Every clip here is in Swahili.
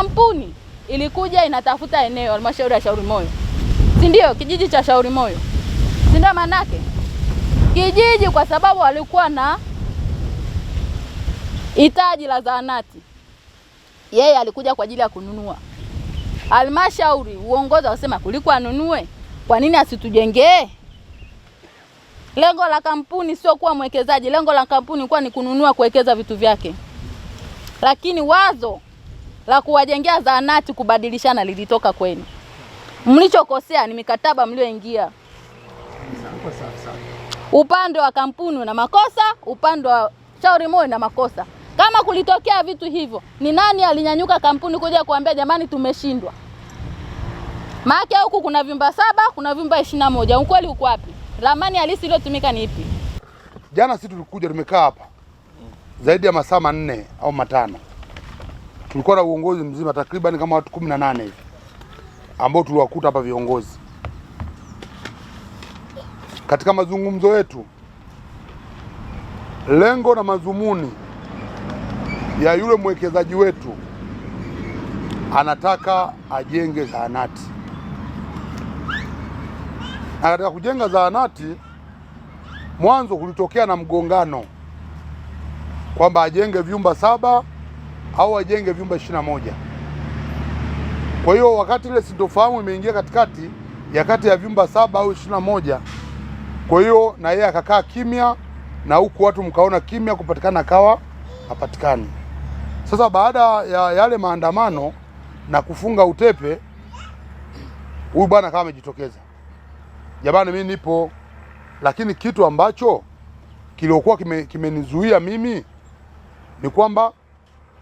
Kampuni ilikuja inatafuta eneo halmashauri ya Shauri Moyo, si ndio? Kijiji cha Shauri Moyo, si ndio? Maanake kijiji kwa sababu walikuwa na hitaji la zahanati, yeye alikuja kwa ajili ya kununua. Halmashauri uongozi wasema kuliko anunue, kwa nini asitujengee? Lengo la kampuni sio kuwa mwekezaji, lengo la kampuni kuwa ni kununua, kuwekeza vitu vyake, lakini wazo la kuwajengea zahanati kubadilishana lilitoka kwenu. Mlichokosea ni mikataba mlioingia. Upande wa kampuni una makosa, upande wa shauri moyo na makosa. Kama kulitokea vitu hivyo, ni nani alinyanyuka kampuni kuja kuambia jamani, tumeshindwa? Maana huku kuna vyumba saba, kuna vyumba ishirini na moja. Ukweli uko wapi? Ramani halisi iliyotumika ni ipi? Jana si tulikuja tumekaa hapa zaidi ya masaa manne au matano tulikuwa na uongozi mzima takriban kama watu kumi na nane hivi ambao tuliwakuta hapa viongozi. Katika mazungumzo yetu, lengo na madhumuni ya yule mwekezaji wetu anataka ajenge zahanati, na katika kujenga zahanati mwanzo kulitokea na mgongano kwamba ajenge vyumba saba au wajenge vyumba ishirini na moja. Kwa hiyo wakati ile sintofahamu imeingia katikati ya kati ya vyumba saba au ishirini na moja, kwa hiyo na yeye akakaa kimya na huku watu mkaona kimya kupatikana akawa hapatikani. Sasa baada ya yale maandamano na kufunga utepe, huyu bwana kama amejitokeza, jamani, mimi nipo, lakini kitu ambacho kiliokuwa kimenizuia kime mimi ni kwamba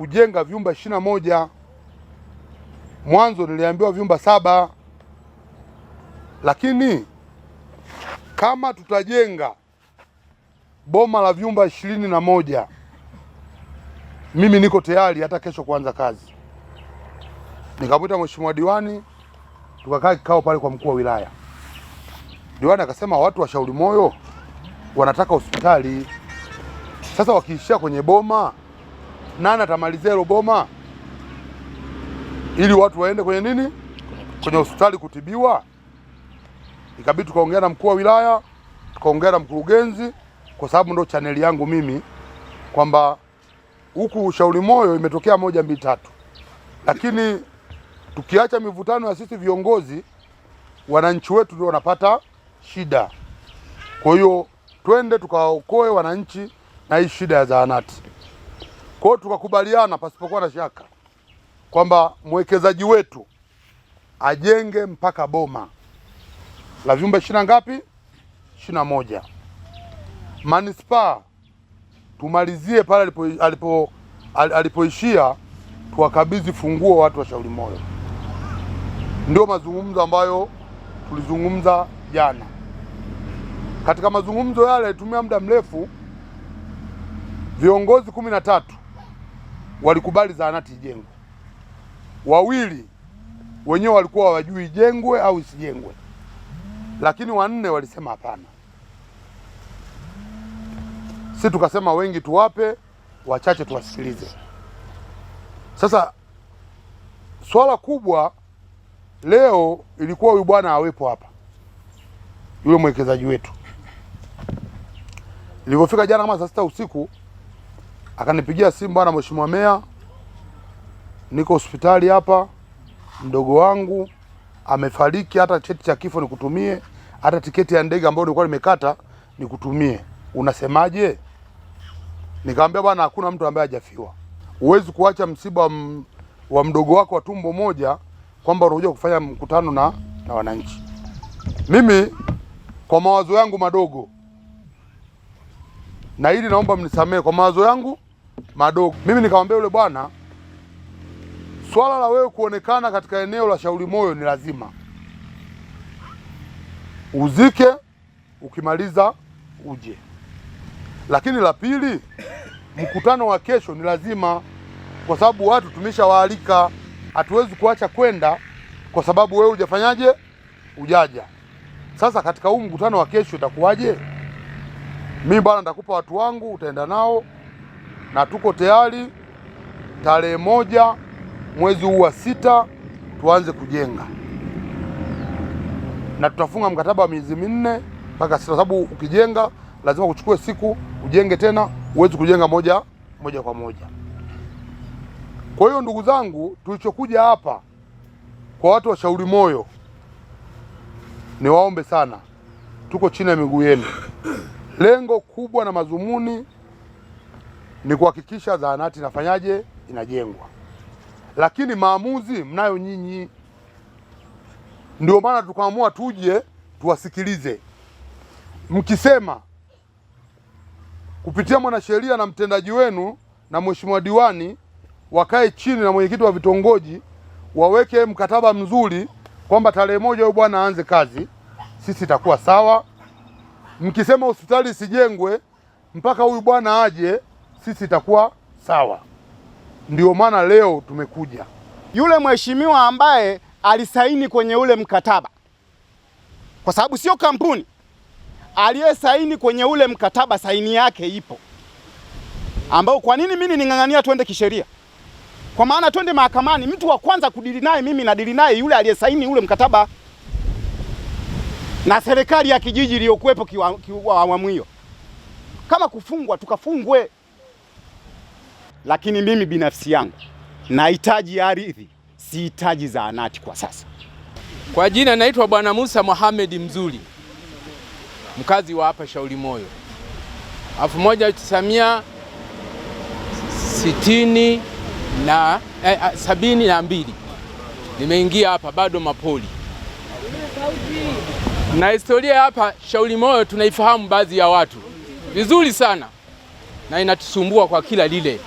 kujenga vyumba ishirini na moja. Mwanzo niliambiwa vyumba saba, lakini kama tutajenga boma la vyumba ishirini na moja mimi niko tayari hata kesho kuanza kazi. Nikamwita mheshimiwa diwani, tukakaa kikao pale kwa mkuu wa wilaya. Diwani akasema watu wa Shauri Moyo wanataka hospitali. Sasa wakiishia kwenye boma nani atamalizia hilo boma ili watu waende kwenye nini, kwenye hospitali kutibiwa. Ikabidi tukaongea na mkuu wa wilaya, tukaongea na mkurugenzi, kwa sababu ndo chaneli yangu mimi, kwamba huku Ushauri Moyo imetokea moja mbili tatu, lakini tukiacha mivutano ya sisi viongozi, wananchi wetu ndio wanapata shida. Kwa hiyo twende tukawaokoe wananchi na hii shida ya zahanati. Kwa hiyo tukakubaliana pasipokuwa na shaka kwamba mwekezaji wetu ajenge mpaka boma la vyumba ishirini na ngapi? ishirini na moja. Manispaa tumalizie pale alipoishia alipo, alipoishia tuwakabidhi funguo watu wa Shauri Moyo. Ndio mazungumzo ambayo tulizungumza jana. Katika mazungumzo yale tumia muda mrefu, viongozi kumi na tatu walikubali zahanati ijengwe, wawili wenyewe walikuwa hawajui ijengwe au isijengwe, lakini wanne walisema hapana. Si tukasema wengi tuwape, wachache tuwasikilize. Sasa swala kubwa leo ilikuwa huyu bwana awepo hapa, yule mwekezaji wetu. Ilivyofika jana kama saa sita usiku akanipigia simu, bwana mheshimiwa meya, niko hospitali hapa, mdogo wangu amefariki, hata cheti cha kifo nikutumie, hata tiketi ya ndege ambayo nilikuwa nimekata nikutumie, unasemaje? Nikamwambia bwana, hakuna mtu ambaye hajafiwa, huwezi kuacha msiba wa mdogo wako wa tumbo moja kwamba unakuja kufanya mkutano na, na wananchi. Mimi kwa mawazo yangu madogo, na hili naomba mnisamehe kwa mawazo yangu madogo. Mimi nikamwambia yule bwana, swala la wewe kuonekana katika eneo la Shauri Moyo ni lazima uzike, ukimaliza uje. Lakini la pili, mkutano wa kesho ni lazima, kwa sababu watu tumeshawaalika, hatuwezi kuacha kwenda kwa sababu wewe hujafanyaje, ujaja. Sasa katika huu mkutano wa kesho itakuwaje? Mimi bwana, nitakupa watu wangu, utaenda nao na tuko tayari tarehe moja mwezi huu wa sita tuanze kujenga, na tutafunga mkataba wa miezi minne mpaka sita, sababu ukijenga lazima uchukue siku ujenge tena, huwezi kujenga moja moja kwa moja. Kwa hiyo ndugu zangu, tulichokuja hapa kwa watu wa Shauri Moyo, waombe sana, tuko chini ya miguu yenu. Lengo kubwa na madhumuni ni kuhakikisha zahanati inafanyaje, inajengwa, lakini maamuzi mnayo nyinyi. Ndio maana tukaamua tuje tuwasikilize, mkisema kupitia mwanasheria na mtendaji wenu na mheshimiwa diwani wakae chini na mwenyekiti wa vitongoji waweke mkataba mzuri kwamba tarehe moja huyo bwana aanze kazi, sisi itakuwa sawa. Mkisema hospitali isijengwe mpaka huyu bwana aje sisi itakuwa sawa. Ndio maana leo tumekuja. Yule mheshimiwa ambaye alisaini kwenye ule mkataba, kwa sababu sio kampuni aliyesaini kwenye ule mkataba, saini yake ipo, ambao kwa nini mimi ning'ang'ania twende kisheria, kwa maana twende mahakamani. Mtu wa kwanza kudili naye mimi nadili naye yule aliyesaini ule mkataba na serikali ya kijiji iliyokuwepo awamu hiyo. Kama kufungwa tukafungwe lakini mimi binafsi yangu nahitaji ardhi, sihitaji zahanati kwa sasa. Kwa jina naitwa Bwana Musa Mohamed Mzuri, mkazi wa hapa Shauri Moyo. moja sitini na eh, eh, sabini na mbili nimeingia hapa bado mapoli, na historia hapa Shauri Moyo tunaifahamu baadhi ya watu vizuri sana, na inatusumbua kwa kila lile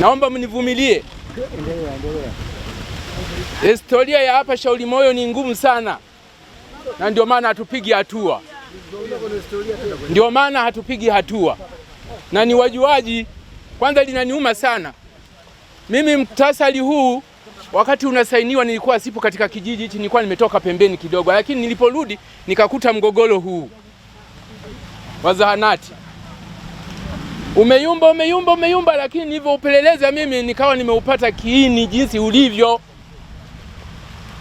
Naomba mnivumilie. Historia ya hapa Shauri Moyo ni ngumu sana, na ndio maana hatupigi hatua, ndio maana hatupigi hatua. Na ni wajuaji kwanza, linaniuma sana mimi. mktasari huu wakati unasainiwa nilikuwa sipo katika kijiji hichi, nilikuwa nimetoka pembeni kidogo, lakini niliporudi nikakuta mgogoro huu wa zahanati umeyumba umeyumba umeyumba, lakini upeleleza mimi nikawa nimeupata kiini jinsi ulivyo,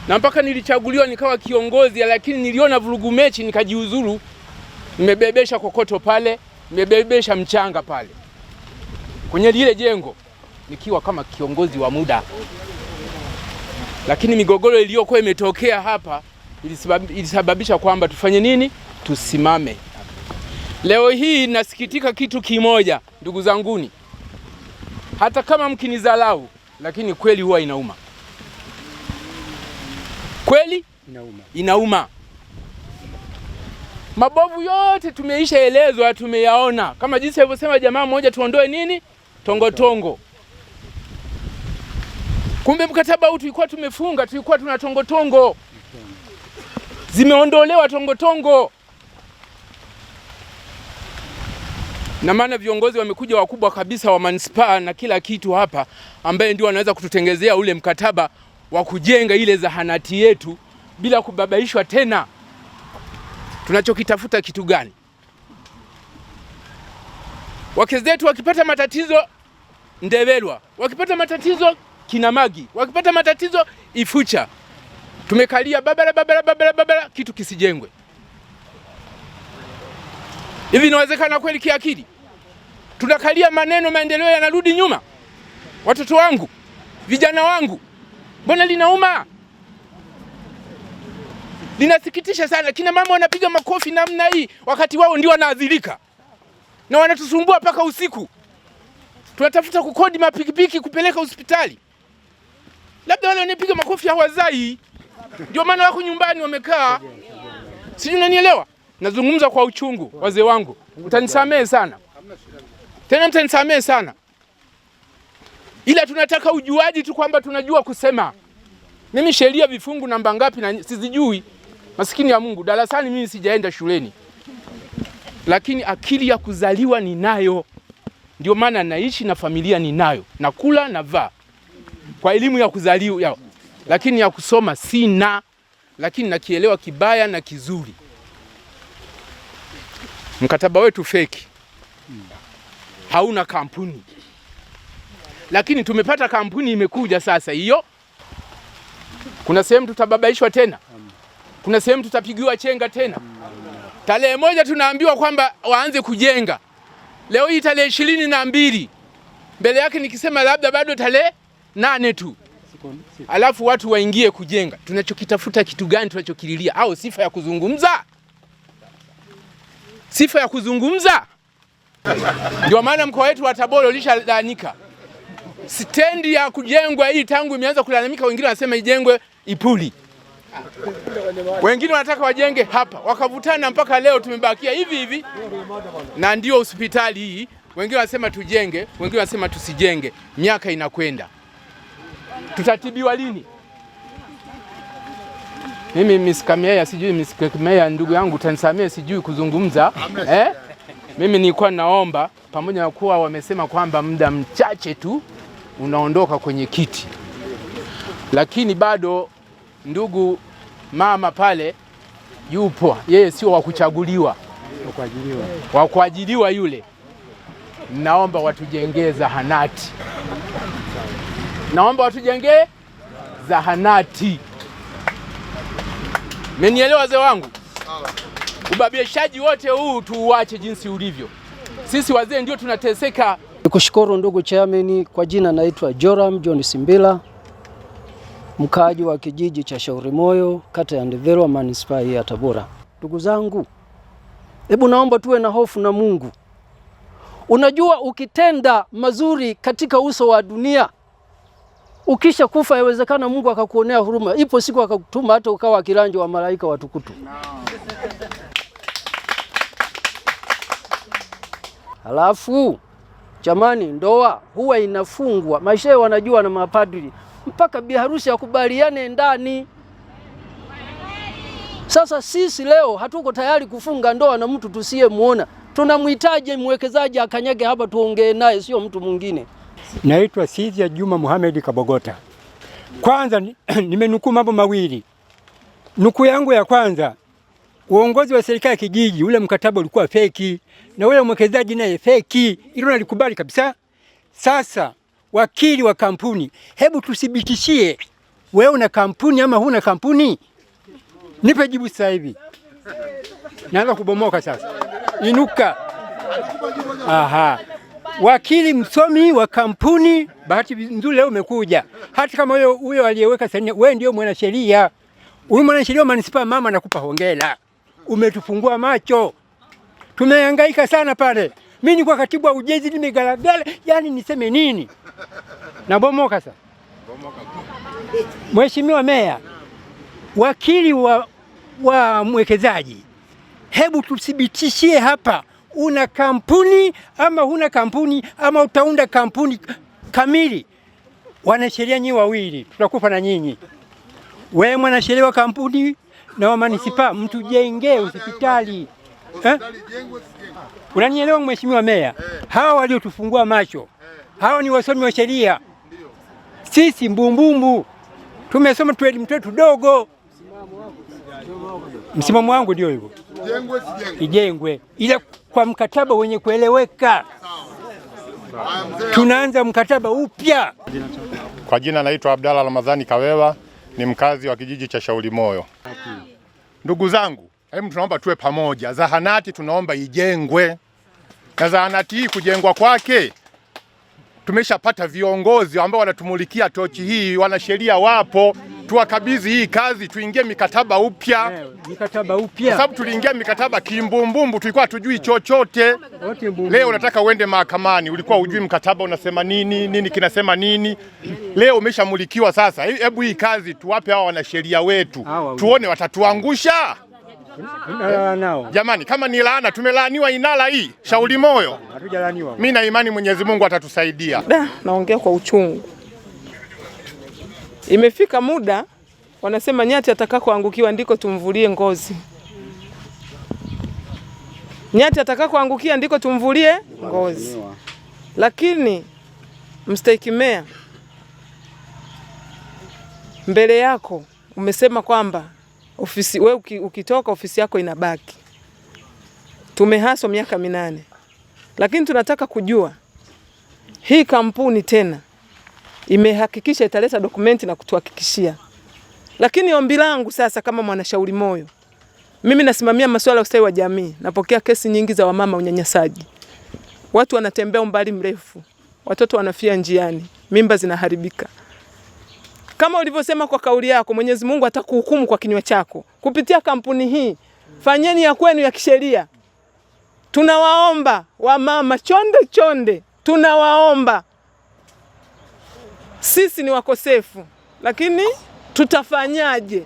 na mpaka nilichaguliwa nikawa kiongozi, lakini niliona vurugu mechi nikajiuzuru. Nimebebesha kokoto pale, nimebebesha mchanga pale kwenye lile jengo nikiwa kama kiongozi wa muda, lakini migogoro iliyokuwa imetokea hapa ilisababisha kwamba tufanye nini? Tusimame. Leo hii nasikitika kitu kimoja, ndugu zanguni, hata kama mkinizalau, lakini kweli huwa inauma, kweli inauma, inauma. Mabovu yote tumeishaelezwa, tumeyaona, kama jinsi alivyosema jamaa mmoja, tuondoe nini tongotongo. Kumbe mkataba huu tulikuwa tumefunga, tulikuwa tuna tongotongo, zimeondolewa tongotongo na maana viongozi wamekuja wakubwa kabisa wa manispaa na kila kitu hapa, ambaye ndio wanaweza kututengezea ule mkataba wa kujenga ile zahanati yetu bila kubabaishwa tena. Tunachokitafuta kitu gani? Wake zetu wakipata matatizo Ndevelwa, wakipata matatizo Kinamagi, wakipata matatizo Ifucha, tumekalia babala babala babala babala, kitu kisijengwe. Hivi inawezekana kweli kiakili? tunakalia maneno, maendeleo yanarudi nyuma. Watoto wangu, vijana wangu, mbona linauma, linasikitisha sana. Kina mama wanapiga makofi namna hii wakati wao ndio wanaadhirika na wanatusumbua mpaka usiku, tunatafuta kukodi mapikipiki kupeleka hospitali. Labda wale wanapiga makofi hawazai, ndio maana wako nyumbani wamekaa, sijui unanielewa. Nazungumza kwa uchungu, wazee wangu, utanisamehe sana. Tena mtanisamehe sana, ila tunataka ujuaji tu kwamba tunajua kusema. Mimi sheria vifungu namba ngapi na sizijui, masikini ya Mungu, darasani mimi sijaenda shuleni, lakini akili ya kuzaliwa ninayo. Ndio maana naishi na familia ninayo, nakula navaa, kwa elimu ya kuzaliwa, lakini ya kusoma sina, lakini nakielewa kibaya na kizuri. Mkataba wetu feki hauna kampuni, lakini tumepata kampuni imekuja sasa. Hiyo kuna sehemu tutababaishwa tena, kuna sehemu tutapigiwa chenga tena. Tarehe moja tunaambiwa kwamba waanze kujenga, leo hii tarehe ishirini na mbili mbele yake nikisema labda bado tarehe nane tu, alafu watu waingie kujenga. Tunachokitafuta kitu gani? Tunachokililia au sifa ya kuzungumza? Sifa ya kuzungumza ndio maana mkoa wetu wa Tabora ulishalalamika. Stendi ya kujengwa hii tangu imeanza kulalamika, wengine wanasema ijengwe Ipuli, wengine wanataka wajenge hapa, wakavutana mpaka leo tumebakia hivi hivi, na ndio hospitali hii. Wengine wanasema tujenge, wengine wanasema tusijenge. Miaka inakwenda, tutatibiwa lini? Mimi Miss Kamea, sijui Miss Kamea, ndugu yangu utanisamee, sijui kuzungumza eh? Mimi nilikuwa naomba pamoja na kuwa wamesema kwamba muda mchache tu unaondoka kwenye kiti, lakini bado ndugu mama pale yupo, yeye sio wa kuchaguliwa, wa kuajiliwa yule. Naomba watujengee zahanati, naomba watujengee zahanati. Menielewa wazee wangu? Ubabishaji wote huu tuuache jinsi ulivyo. Sisi wazee ndio tunateseka. Nikushukuru ndugu chairman, kwa jina naitwa Joram John Simbila, mkaaji wa kijiji cha Shauri Moyo, kata ya Ndevera, manispaa ya Tabora. Ndugu zangu, hebu naomba tuwe na hofu na Mungu. Unajua, ukitenda mazuri katika uso wa dunia ukisha kufa, yawezekana Mungu akakuonea huruma, ipo siku akakutuma hata ukawa kiranja wa malaika watukutu no. Halafu jamani, ndoa huwa inafungwa maisha, wanajua na mapadri mpaka biharusi akubaliane ndani. Sasa sisi leo hatuko tayari kufunga ndoa na mtu tusiyemwona. Tunamhitaji mwekezaji akanyage hapa tuongee naye, sio mtu mwingine. Naitwa Sizia Juma Muhamedi Kabogota. Kwanza nimenukuu mambo mawili. Nukuu yangu ya kwanza uongozi wa serikali ya kijiji, ule mkataba ulikuwa feki na ule mwekezaji naye feki, hilo nalikubali kabisa. Sasa wakili wa kampuni, hebu tuthibitishie, wewe una kampuni ama huna kampuni? Nipe jibu sasa hivi. Naanza kubomoka sasa, inuka. Aha. Wakili msomi wa kampuni, bahati nzuri leo umekuja. Hata kama huyo aliyeweka saini, wewe ndio mwanasheria. Huyu mwanasheria wa manispaa, mama, nakupa hongera umetufungua macho, tumehangaika sana pale. Mimi kwa katibu wa ujenzi, nimegalagala, yani niseme nini? Nabomoka sasa. Mheshimiwa Meya, wakili wa, wa mwekezaji, hebu tuthibitishie hapa, una kampuni ama huna kampuni ama utaunda kampuni kamili. Wanasheria nyinyi wawili, tutakufa na nyinyi. Wewe mwanasheria wa kampuni na wa manisipaa mtujengee hospitali eh? Unanielewa mheshimiwa meya? Eh. Hawa waliotufungua macho hawa ni wasomi wa sheria, sisi mbumbumbu tumesoma tuelimu twetu dogo. Msimamo wangu ndio hivyo, ijengwe ila kwa mkataba wenye kueleweka. Tunaanza mkataba upya. Kwa jina naitwa Abdalla Ramadhani Kawewa ni mkazi wa kijiji cha moyo Ndugu zangu, hebu tunaomba tuwe pamoja. Zahanati tunaomba ijengwe, na zahanati hii kujengwa kwake tumeshapata viongozi ambao wanatumulikia tochi hii, wanasheria wapo, tuwakabidhi hii kazi, tuingie mikataba upya, eh, mikataba upya, kwa sababu tuliingia mikataba kimbumbumbu, tulikuwa hatujui chochote. Leo unataka uende mahakamani, ulikuwa ujui mkataba unasema nini, nini kinasema nini. Leo umeshamulikiwa sasa, hebu hii kazi tuwape hawa wanasheria wetu, tuone watatuangusha Jamani, kama ni laana tumelaaniwa Inala hii shauli moyo. Hatujalaaniwa. Mimi na imani Mwenyezi Mungu atatusaidia. naongea kwa uchungu. Imefika muda wanasema nyati atakakoangukiwa ndiko tumvulie ngozi. Nyati atakakoangukia ndiko tumvulie ngozi. Lakini mstahiki meya, mbele yako umesema kwamba ofisi, we ukitoka ofisi yako inabaki. Tumehaswa miaka minane, lakini tunataka kujua hii kampuni tena imehakikisha italeta dokumenti na kutuhakikishia. Lakini ombi langu sasa, kama mwanashauri moyo, mimi nasimamia masuala ya ustawi wa jamii, napokea kesi nyingi za wamama unyanyasaji, watu wanatembea umbali mrefu, watoto wanafia njiani, mimba zinaharibika. Kama ulivyosema kwa kauli yako, Mwenyezi Mungu atakuhukumu kwa kinywa chako kupitia kampuni hii. Fanyeni ya kwenu ya kisheria. Tunawaomba wamama chonde chonde, tunawaomba sisi ni wakosefu, lakini tutafanyaje?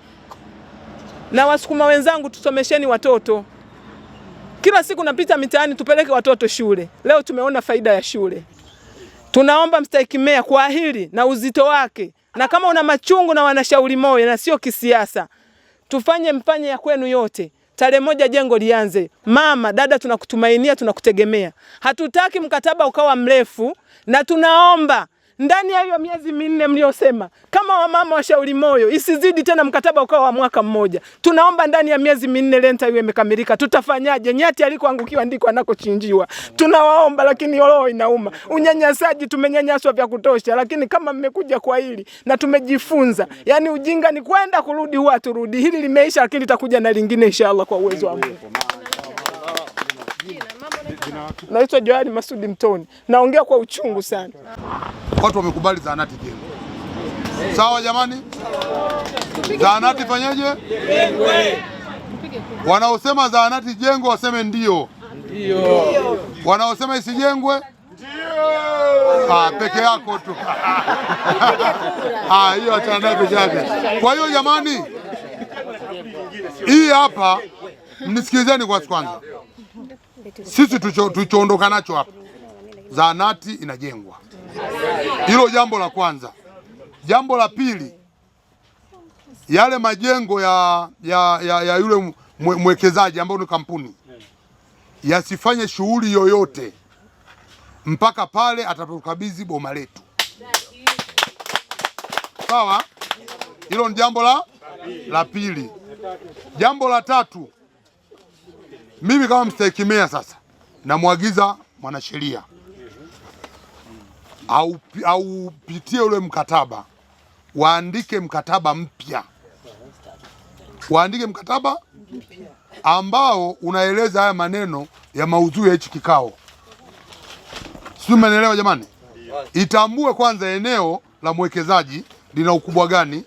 Na wasukuma wenzangu, tusomesheni watoto. Kila siku napita mitaani, tupeleke watoto shule. Leo tumeona faida ya shule. Tunaomba mstahiki meya kwa hili na uzito wake na kama una machungu na wanashauri moyo na sio kisiasa, tufanye mfanye ya kwenu yote. Tarehe moja jengo lianze. Mama, dada, tunakutumainia, tunakutegemea. Hatutaki mkataba ukawa mrefu, na tunaomba ndani ya hiyo miezi minne mliosema, kama wamama wa Shauri Moyo, isizidi tena mkataba ukawa wa mwaka mmoja. Tunaomba ndani ya miezi minne lenta iwe imekamilika. Tutafanyaje? Nyati alikoangukiwa ndiko anakochinjiwa. Tunawaomba, lakini roho inauma. Unyanyasaji, tumenyanyaswa vya kutosha, lakini kama mmekuja kwa hili na tumejifunza, yani ujinga ni kwenda kurudi, huwa turudi. Hili limeisha, lakini litakuja na lingine inshallah, kwa uwezo wa Mungu. Naitwa Joani Masudi Mtoni, naongea kwa uchungu sana. Watu wamekubali zahanati jengo. Sawa jamani, zahanati fanyeje? Wanaosema zahanati jengo waseme ndio, wanaosema isijengwe Ah, peke yako tu ah, hiyo, achana nayo peke yake. Kwa hiyo jamani, hii hapa mnisikilizeni kwa kwanza. Sisi tulichoondoka nacho hapa, zahanati inajengwa, hilo jambo la kwanza. Jambo la pili, yale majengo ya, ya, ya, ya yule mwekezaji ambayo ni kampuni yasifanye shughuli yoyote mpaka pale atatukabidhi boma letu, sawa? Hilo ni jambo la la pili. Jambo la tatu mimi kama mstahikimea sasa namwagiza mwanasheria au aupitie ule mkataba, waandike mkataba mpya, waandike mkataba ambao unaeleza haya maneno ya maudhui ya hichi kikao. Sijui mnaelewa jamani? Itambue kwanza eneo la mwekezaji lina ukubwa gani,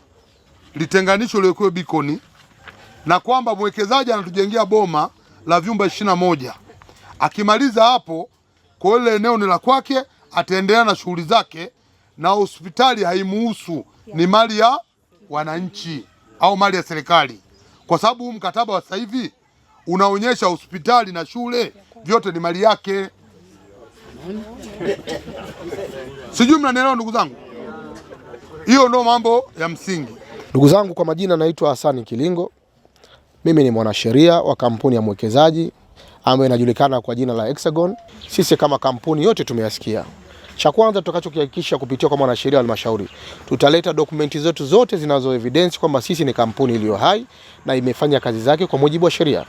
litenganisho liwekewe bikoni, na kwamba mwekezaji anatujengea boma la vyumba ishirini na moja. Akimaliza hapo, kwa ile eneo ni la kwake, ataendelea na shughuli zake, na hospitali haimuhusu, ni mali ya wananchi au mali ya serikali, kwa sababu huu mkataba wa sasa hivi unaonyesha hospitali na shule vyote ni mali yake. Sijui mnanielewa ndugu zangu, hiyo ndo mambo ya msingi ndugu zangu. Kwa majina naitwa Hasani Kilingo mimi ni mwanasheria wa kampuni ya mwekezaji ambayo inajulikana kwa jina la Hexagon. Sisi kama kampuni yote tumeyasikia. Cha kwanza tutakachokihakikisha kupitia kwa mwanasheria wa halmashauri, tutaleta dokumenti zetu zote zinazo evidence kwamba sisi ni kampuni iliyo hai na imefanya kazi zake kwa mujibu wa sheria.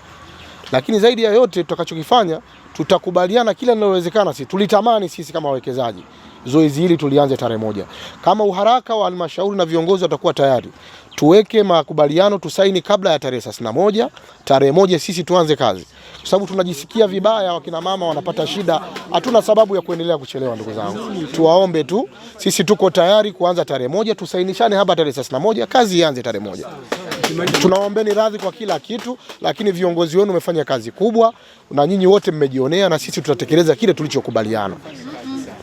Lakini zaidi ya yote tutakachokifanya, tutakubaliana kila linalowezekana. Sisi tulitamani sisi kama wawekezaji zoezi hili tulianze tarehe moja. Kama uharaka wa halmashauri na viongozi watakuwa tayari, tuweke makubaliano tusaini kabla ya tarehe moja tarehe moja sisi tuanze kazi, kwa sababu tunajisikia vibaya, wakina mama wanapata shida. Hatuna sababu ya kuendelea kuchelewa, ndugu zangu, tuwaombe tu, sisi tuko tayari kuanza tarehe moja, tusainishane hapa tarehe moja kazi ianze tarehe moja. tunaombeni radhi kwa kila kitu, lakini viongozi wenu wamefanya kazi kubwa, na nyinyi wote mmejionea, na sisi tutatekeleza kile tulichokubaliana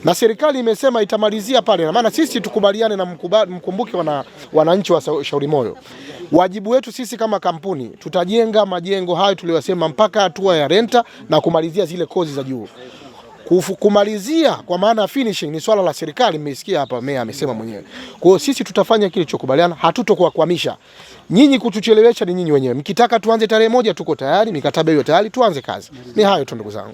na serikali imesema itamalizia pale, na maana sisi tukubaliane na mkumbuke wana, wananchi wa Shauri Moyo, wajibu wetu sisi kama kampuni tutajenga majengo hayo tuliyosema mpaka hatua ya renta na kumalizia zile kozi za juu. Kumalizia kwa maana finishing ni swala la serikali, Mmesikia hapa, meya amesema mwenyewe. Kwa hiyo sisi tutafanya kile kilichokubaliana, hatutokuwakwamisha nyinyi. Kutuchelewesha ni nyinyi wenyewe. Mkitaka tuanze tarehe moja, tuko tayari, mikataba hiyo tayari, tuanze kazi. Ni hayo tu ndugu zangu.